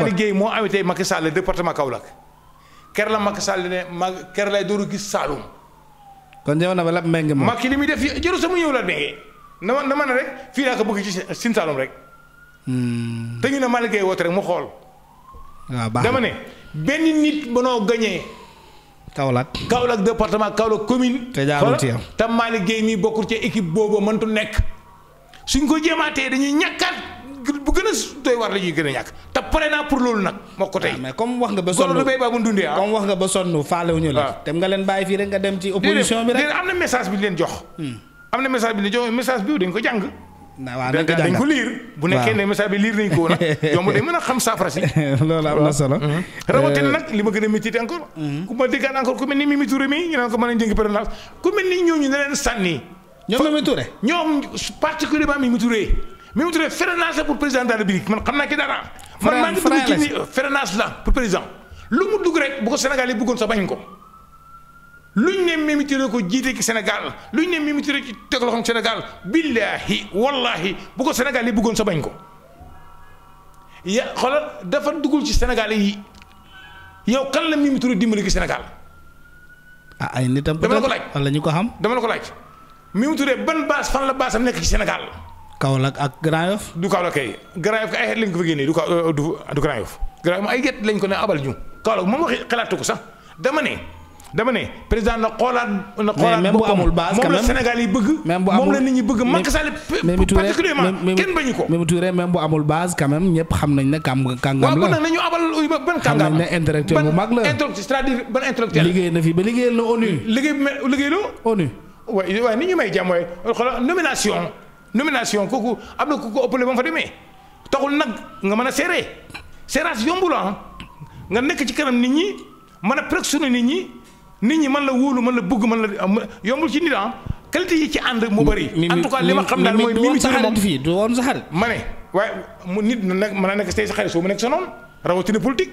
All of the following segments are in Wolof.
Ali moo invité Macky Sall département Kaolack ker la Macky Sall ne ma ker lay dooru gis Saloum. kon yow na ba lab méngé moom Macky li muy def jëru sama ñëw la méngé na ma na ma ne rek fii laa ko bëgg ci Sine Saloum rek. Hmm. te ñu ne Malick Guèye woote rek mu xool. waaw ah, baax dama ne benn nit mënoo gañee Kaolack Kaolack département Kaolack commune. te jaarul ci yow te Malick mii bokkul ci équipe boobu mëntu nekk suñ ko jéemaatee dañuy ñàkkaat bu gën a doy war la gën a ñàkk pare naa pour loolu nag. moo ko tey ah, mais comme wax nga ba. sonn bay baa bu dundee la. dem ah. nga leen bàyyi fii nga dem ci. opposition bi rek am na message bi leen jox. Hmm. am na message bi ñu jox message bi liir. bu nekkee nag yomb day mën a xam saafara si. loolu am na solo. Hmm. rawatina euh, nag li ma gën a encore. Hmm. ku ma déggaat encore ku mel ni Mimi Touré mii ñu ne leen sànni. ñoom Mimi Touré. ñoom particulièrement Mimi Touré Mimi Touré fere naa sax pour président man maa ngi dugg ci ni freinage la pour président lu mu dugg rek bu ko Sénégal yi bëggoon sax bañ ko luñ ne Mimi Touré ko jiite ci Sénégal luñ ne Mimi Touré ci teg loxoom Sénégal billaahi wallaahi bu ko Sénégal yi bëggoon sa bañ ko ya xoolal dafa duggul ci Sénégal yi yow kan la mi Touré dimbali ci Sénégal. ah ay nitam. dama la ko laaj ñu ko xam dama la ko laaj. Mimi Touré ban base fan la base nekk ci Sénégal. Kaolack ak Grand Yoff. du Kaolack kay Grand Yoff kay lañ ko fa génnee du Ka euh, du du Grand Yoff Grand Yoff ay gétt lañ ko ne abal ñu Kaolack moom sax dama ne. dama ne président na xoolaat na xoolaat boppam moom la Sénégal yi bëgg. même bu amul moom la nit ñi bëgg Macky Sall particulièrement kenn bañu ko. Mimi bu amul base quand même xam nañ ne kàngam la waaw nag nañu abal ban kàngam la bu mag la ban ban intellectuel. liggéey na fi ba liggéeyal na ONU. liggéey liggéey la. ONU. waaye waaye ni nomination kooku am na ku ko ëppale ba nga fa demee taxul nag nga mën a seeree seeraas yombul ah. nga nekk ci kanam nit ñi mën a pressionner nit ñi nit ñi mën la wóolu mën la bëgg mën la yombul ci nit ah ci ànd moo bëri. ma xam daal mooy. Mimi Touré moom fii du woon sa xarit. ma ne waaye mu nit nag mën a nekk say sa xarit soo mu nekk sa noonu rawatina politique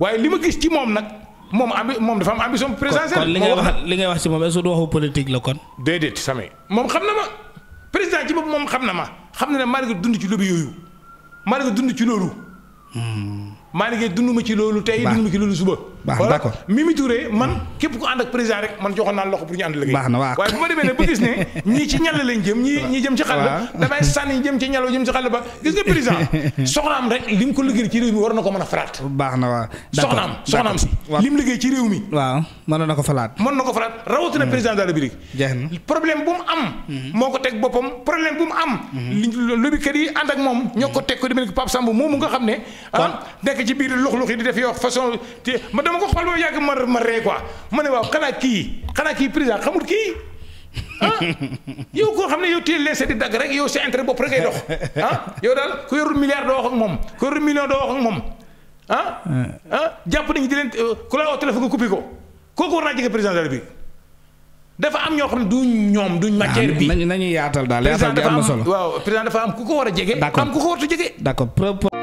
waaye li ma gis ci moom nag moom ambi moom dafa am ambition présidentielle. kon li ngay wax li ngay wax ci moom est-ce que du waxu politique la kon. déedéet samay moom xam na ma. président ci bopp moom xam na ma xam na ne maa ngi dund ci lobi yooyu maa ngi dund ci loolu. Hmm. maa dundu ma ci loolu tey dund ma ci loolu suba. baax na d' waaw waaye bu ma demee ne ba gis ne ñii ci ñàll lañ jëm ñii jëm ci xàll ba sànni jëm ci ñàll jëm ci xàll ba gis nga président soxnaam rek li ko liggéey ci réew mi war na ko a falaat. baax na waaw ko falaat. mën na ko falaat rawatina hmm. président de la République. jeex problème bu mu am. Hmm. moo ko teg boppam problème bu mu am. Hmm. li lobbykat yi ànd ak moom ñoo ko teg ko demee Pape Samb moomu nga xam ne. Ah, nekk ci biir lux lux yi di def yoo façon ma ma ko xool ba yàgg ma ma ree quoi ma ne waaw xanaa kii xanaa kii président xamul kii ah, yow koo xam ne yow téye leese di dagg rek yow sa intérêt bopp rek ngay dox ah, yow daal ku yorul milliard doo wax ak moom ku yorul million doo wax ak moom ah. ah jàpp nañu di leen euh, ku la oo téléphone nga ko kooku war naa jege président de dafa am ñoo xam ne du ñoom du ah, matière bi nañu yaatal daal yaatal bi am na solo waaw président dafa am ku ko war a jege. am ku ko wartu jege.